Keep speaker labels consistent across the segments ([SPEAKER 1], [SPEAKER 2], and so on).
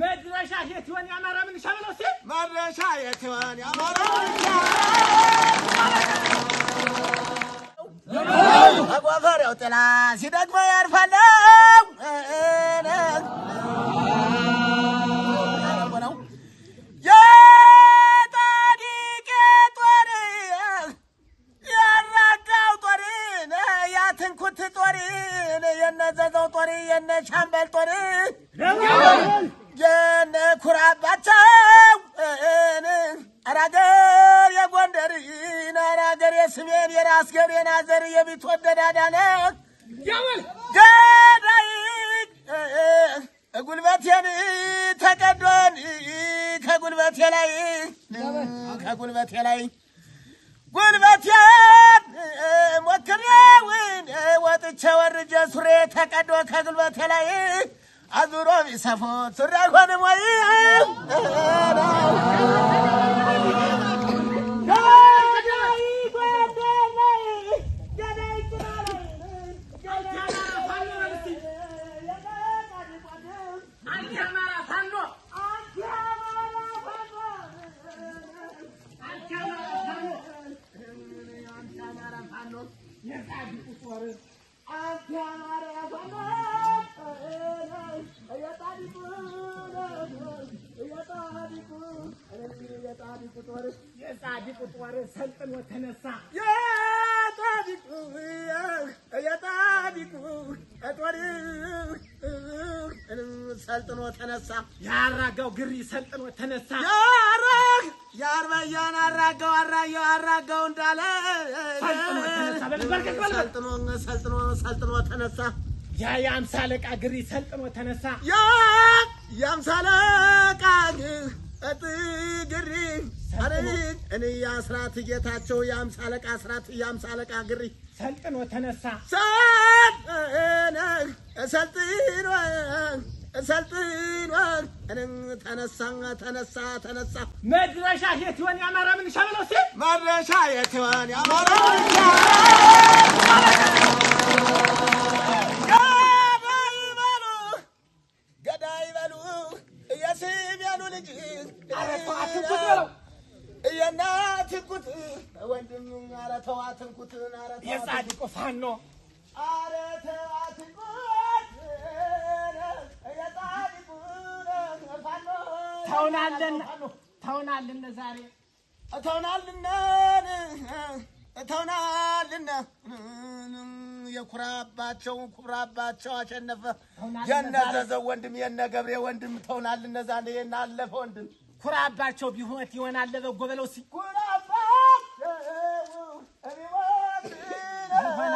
[SPEAKER 1] መድረሻ የት ይሆን ያማራ ምን ሻለው ሲል መድረሻ የት ይሆን ያማራ ምን ሻለው አጓፈሬው ጥላ ሲደግመው የነዘዘው ጦሪ የነ ሻምበል ጦሪ የምኩራባቸው አራገር የጎንደርን አራገር የስሜን የራስ ገር የናዘር የቢትወደድ አዳነ ገዳይ ጉልበቴን ተቀዶን ከጉልበቴ ላይ ከጉልበቴ ላይ ጉልበቴን ሞክሬውን ወጥቼ ወርጄ ሱሬ ተቀዶ ከጉልበቴ ላይ از او را می ቁጥቋሬ ሰልጥኖ ተነሳ። የጣቢቁ የጣቢቁ ጦር ሰልጥኖ ተነሳ። የአራጋው ግሪ ሰልጥኖ ተነሳ። የአርባያን አራጋው አራየው አራጋው እንዳለ ሰልጥኖ ሰልጥኖ ተነሳ። ያ የአምሳ አለቃ ግሪ ሰልጥኖ ተነሳ። ያ የአምሳ አለቃ ግሪ እኔ የአስራት ጌታቸው የአምሳ አለቃ አስራት የአምሳ አለቃ ግሪ ሰልጥኖ ተነሳ። ሰልጥኖ ሰልጥኖ እኔም ተነሳ ተነሳ ተነሳ መድረሻ የት ይሆን የአማራ ምንሻ ብለው ሲል መድረሻ የት ይሆን ፋኖ ተውናልን ተውናልን ዛሬ ተውናልን ተውናልን የኩራባቸው ኩራባቸው አሸነፈ የነዘዘ ወንድም የነ ገብሬ ወንድም ተውናልን ዛሬ የናለፈ ወንድም ኩራባቸው ቢሆን ይሆናል ለበጎ በለው ሲጎ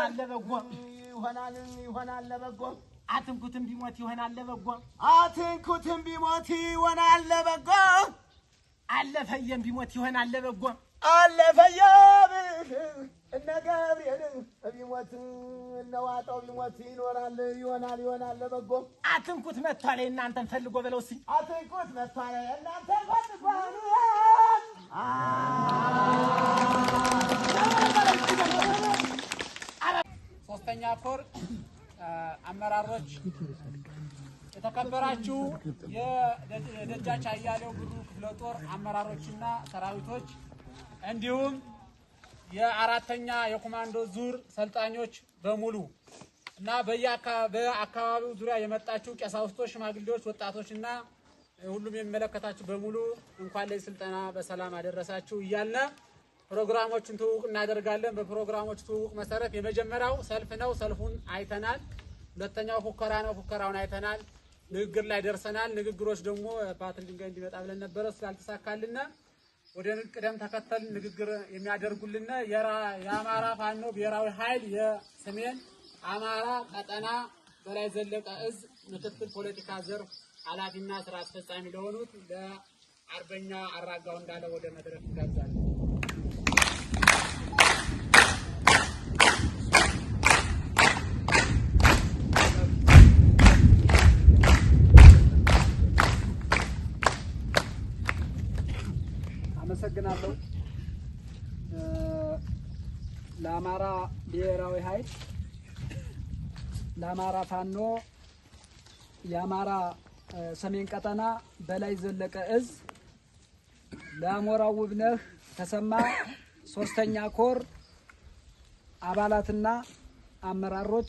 [SPEAKER 1] ይሆናል ለበጎ ይሆናል ይሆናል ለበጎ አትንኩትም ቢሞት ይሆናል ለበጎ አትንኩትም ቢሞት ይሆናል ለበጎ አለፈየም ቢሞት ይሆናል ለበጎ አለፈየም እነ ገብርኤል ቢሞት እነ ዋጣው ቢሞት ይኖራል ይሆናል ይሆናል ለበጎ አትንኩት መቷል እናንተን ፈልጎ ብለው እስኪ አትንኩት መቷል እናንተን ፈልጎ
[SPEAKER 2] ዲያስፖር አመራሮች፣ የተከበራችሁ የደጃች አያሌው ብሩ ክፍለ ጦር አመራሮችና ሰራዊቶች እንዲሁም የአራተኛ የኮማንዶ ዙር ሰልጣኞች በሙሉ እና በየአካባቢው ዙሪያ የመጣችሁ ቀሳውስቶች፣ ሽማግሌዎች፣ ወጣቶች ወጣቶችና ሁሉም የሚመለከታችሁ በሙሉ እንኳን ለዚህ ስልጠና በሰላም አደረሳችሁ እያልን ፕሮግራሞችን ትውውቅ እናደርጋለን። በፕሮግራሞች ትውውቅ መሰረት የመጀመሪያው ሰልፍ ነው። ሰልፉን አይተናል። ሁለተኛው ፉከራ ነው። ፉከራውን አይተናል። ንግግር ላይ ደርሰናል። ንግግሮች ደግሞ ፓትሪ ድንጋይ እንዲመጣ ብለን ነበረ፣ ስላልተሳካልን ወደ ቅደም ተከተል ንግግር የሚያደርጉልን የአማራ ፋኖ ብሔራዊ ኃይል የሰሜን አማራ ቀጠና በላይ ዘለቀ እዝ ምክትል ፖለቲካ ዘርፍ ኃላፊና ስራ አስፈጻሚ ለሆኑት ለአርበኛ አራጋው እንዳለ ወደ መድረክ ይጋብዛል። አመሰግናለሁ። ለአማራ ብሔራዊ ኃይል፣ ለአማራ ፋኖ፣ የአማራ ሰሜን ቀጠና በላይ ዘለቀ እዝ፣ ለአሞራው ውብነህ ተሰማ ሶስተኛ ኮር አባላትና አመራሮች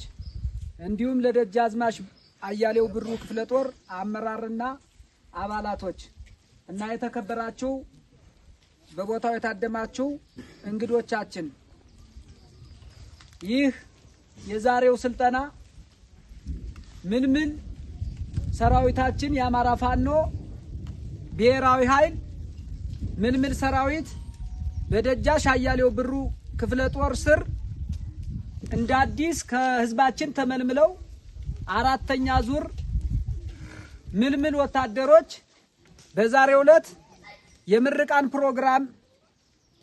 [SPEAKER 2] እንዲሁም ለደጃዝማች አያሌው ብሩ ክፍለ ጦር አመራርና አባላቶች እና የተከበራችሁ በቦታው የታደማችሁ እንግዶቻችን፣ ይህ የዛሬው ስልጠና ምልምል ሰራዊታችን የአማራ ፋኖ ብሔራዊ ኃይል ምልምል ሰራዊት በደጃሽ አያሌው ብሩ ክፍለ ጦር ስር እንደ አዲስ ከህዝባችን ተመልምለው አራተኛ ዙር ምልምል ወታደሮች በዛሬው ዕለት የምርቃን ፕሮግራም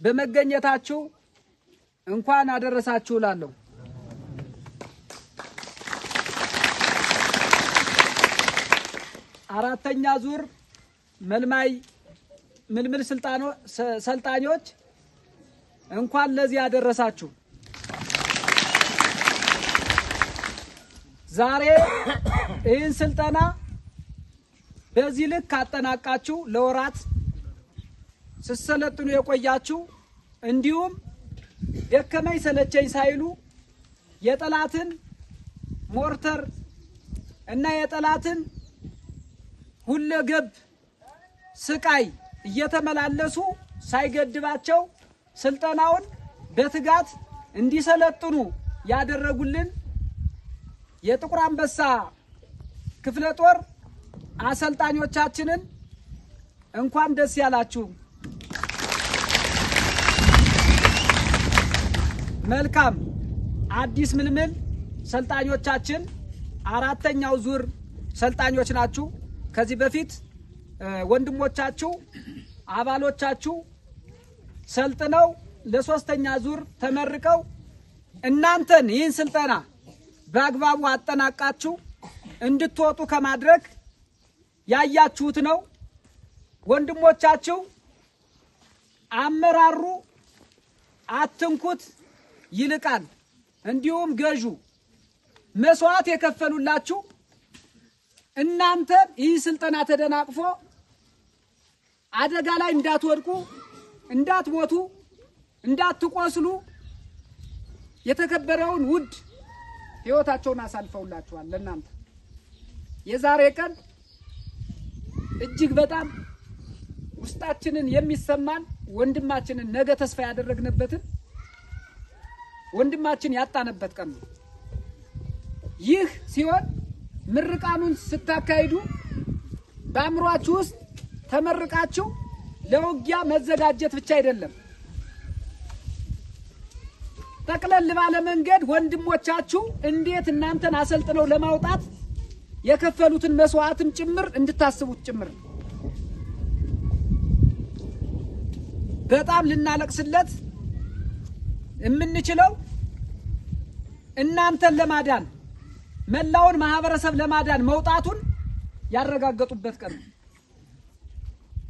[SPEAKER 2] በመገኘታችሁ እንኳን አደረሳችሁ እላለሁ። አራተኛ ዙር መልማይ ምልምል ሰልጣኞች እንኳን ለዚህ አደረሳችሁ ዛሬ ይህን ስልጠና በዚህ ልክ ካጠናቃችሁ ለወራት ስሰለጥኑ የቆያችሁ እንዲሁም ደከመኝ ሰለቸኝ ሳይሉ የጠላትን ሞርተር እና የጠላትን ሁለገብ ስቃይ እየተመላለሱ ሳይገድባቸው ስልጠናውን በትጋት እንዲሰለጥኑ ያደረጉልን የጥቁር አንበሳ ክፍለ ጦር አሰልጣኞቻችንን እንኳን ደስ ያላችሁ። መልካም አዲስ ምልምል ሰልጣኞቻችን አራተኛው ዙር ሰልጣኞች ናችሁ። ከዚህ በፊት ወንድሞቻችሁ አባሎቻችሁ ሰልጥነው ለሶስተኛ ዙር ተመርቀው እናንተን ይህን ስልጠና በአግባቡ አጠናቃችሁ እንድትወጡ ከማድረግ ያያችሁት ነው። ወንድሞቻችሁ አመራሩ አትንኩት ይልቃል። እንዲሁም ገዡ መስዋዕት የከፈሉላችሁ እናንተም ይህ ስልጠና ተደናቅፎ አደጋ ላይ እንዳትወድቁ፣ እንዳትሞቱ፣ እንዳትቆስሉ የተከበረውን ውድ ህይወታቸውን አሳልፈውላችኋል። ለእናንተ የዛሬ ቀን እጅግ በጣም ውስጣችንን የሚሰማን ወንድማችንን ነገ ተስፋ ያደረግንበትን ወንድማችን ያጣነበት ቀን ነው። ይህ ሲሆን ምርቃኑን ስታካሂዱ በአእምሯችሁ ውስጥ ተመርቃችሁ ለውጊያ መዘጋጀት ብቻ አይደለም። ጠቅለል ባለ መንገድ ወንድሞቻችሁ እንዴት እናንተን አሰልጥነው ለማውጣት የከፈሉትን መስዋዕትም ጭምር እንድታስቡት ጭምር በጣም ልናለቅስለት የምንችለው እናንተን ለማዳን መላውን ማህበረሰብ ለማዳን መውጣቱን ያረጋገጡበት ቀን ነው።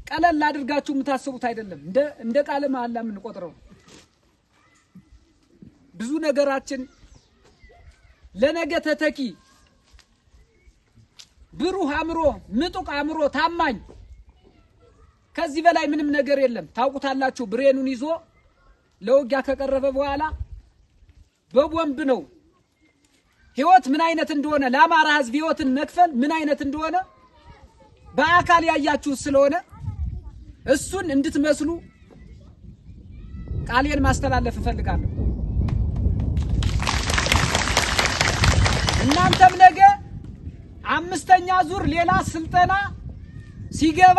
[SPEAKER 2] ቀለል አድርጋችሁ የምታስቡት አይደለም። እንደ ቃለ መሐላ የምንቆጥረው ብዙ ነገራችን ለነገ ተተኪ ብሩህ አእምሮ፣ ምጡቅ አእምሮ፣ ታማኝ ከዚህ በላይ ምንም ነገር የለም። ታውቁታላችሁ። ብሬኑን ይዞ ለውጊያ ከቀረበ በኋላ በቦምብ ነው ህይወት ምን አይነት እንደሆነ ለአማራ ህዝብ ህይወትን መክፈል ምን አይነት እንደሆነ በአካል ያያችሁ ስለሆነ እሱን እንድትመስሉ ቃሌን ማስተላለፍ እፈልጋለሁ። እናንተም ነገ አምስተኛ ዙር ሌላ ስልጠና ሲገባ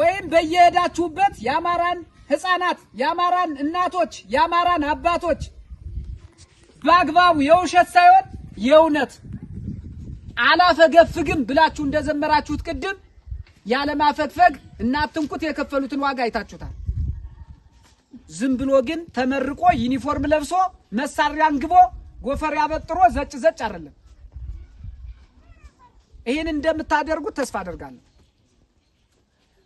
[SPEAKER 2] ወይም በየሄዳችሁበት የአማራን ህፃናት፣ የአማራን እናቶች፣ የአማራን አባቶች በአግባቡ የውሸት ሳይሆን የእውነት አላፈገፍግም ብላችሁ እንደዘመራችሁት ቅድም ያለማፈግፈግ እና አትንኩት የከፈሉትን ዋጋ አይታችሁታል። ዝም ብሎ ግን ተመርቆ ዩኒፎርም ለብሶ መሳሪያ አንግቦ ጎፈር ያበጥሮ ዘጭ ዘጭ አይደለም። ይህን እንደምታደርጉት ተስፋ አደርጋለሁ።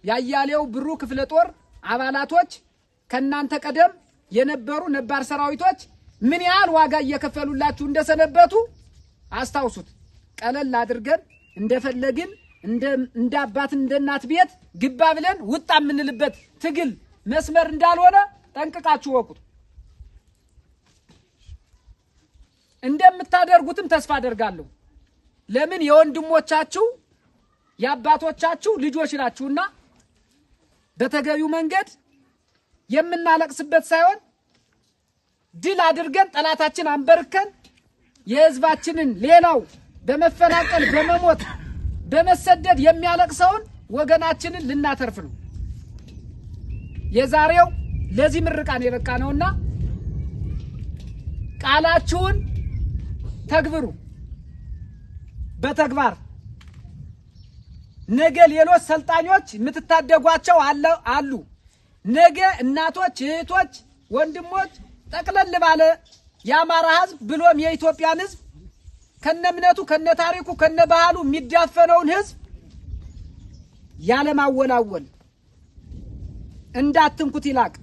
[SPEAKER 2] ያያሌው ብሩ ክፍለ ጦር አባላቶች ከእናንተ ቀደም የነበሩ ነባር ሰራዊቶች ምን ያህል ዋጋ እየከፈሉላችሁ እንደሰነበቱ አስታውሱት። ቀለል አድርገን እንደፈለግን እንደ አባት እንደ እናት ቤት ግባ ብለን ውጣ የምንልበት ትግል መስመር እንዳልሆነ ጠንቅቃችሁ ወቁት። እንደምታደርጉትም ተስፋ አደርጋለሁ። ለምን የወንድሞቻችሁ የአባቶቻችሁ ልጆች ናችሁና በተገቢው መንገድ የምናለቅስበት ሳይሆን ድል አድርገን ጠላታችን አንበርከን የህዝባችንን ሌላው በመፈናቀል በመሞት በመሰደድ የሚያለቅሰውን ወገናችንን ልናተርፍ ነው። የዛሬው ለዚህ ምርቃን የበቃ ነውና ቃላችሁን ተግብሩ በተግባር ነገ ሌሎች ሰልጣኞች የምትታደጓቸው አሉ። ነገ እናቶች፣ እህቶች፣ ወንድሞች ጠቅለል ባለ የአማራ ህዝብ ብሎም የኢትዮጵያን ህዝብ ከነ እምነቱ ከነ ታሪኩ ከነ ባህሉ የሚዳፈነውን ህዝብ ያለማወላወል እንዳትንኩት ይላቅ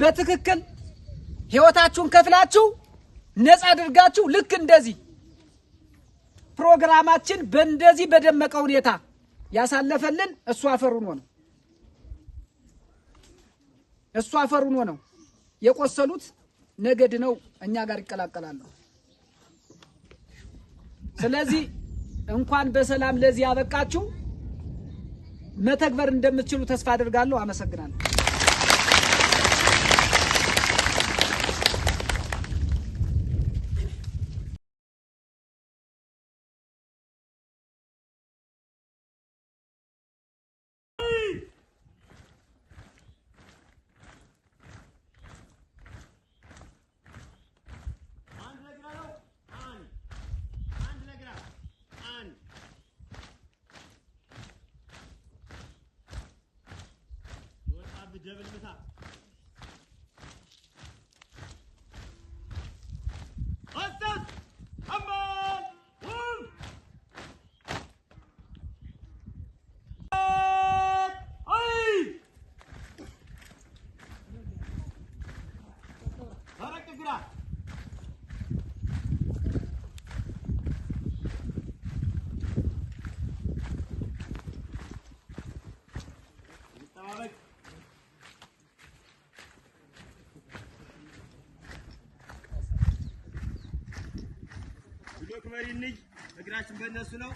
[SPEAKER 2] በትክክል ህይወታችሁን ከፍላችሁ ነፃ አድርጋችሁ ልክ እንደዚህ ፕሮግራማችን በእንደዚህ በደመቀ ሁኔታ ያሳለፈልን እሱ አፈሩን ነው። እሱ አፈሩን ነው። የቆሰሉት ነገድ ነው እኛ ጋር ይቀላቀላሉ። ስለዚህ እንኳን በሰላም ለዚህ ያበቃችሁ መተግበር እንደምትችሉ ተስፋ አድርጋለሁ። አመሰግናለሁ።
[SPEAKER 1] جبل المساء اسس حمال وم اي حركه كره Thank you. ክበሪንኝ እግራችን በእነሱ ነው።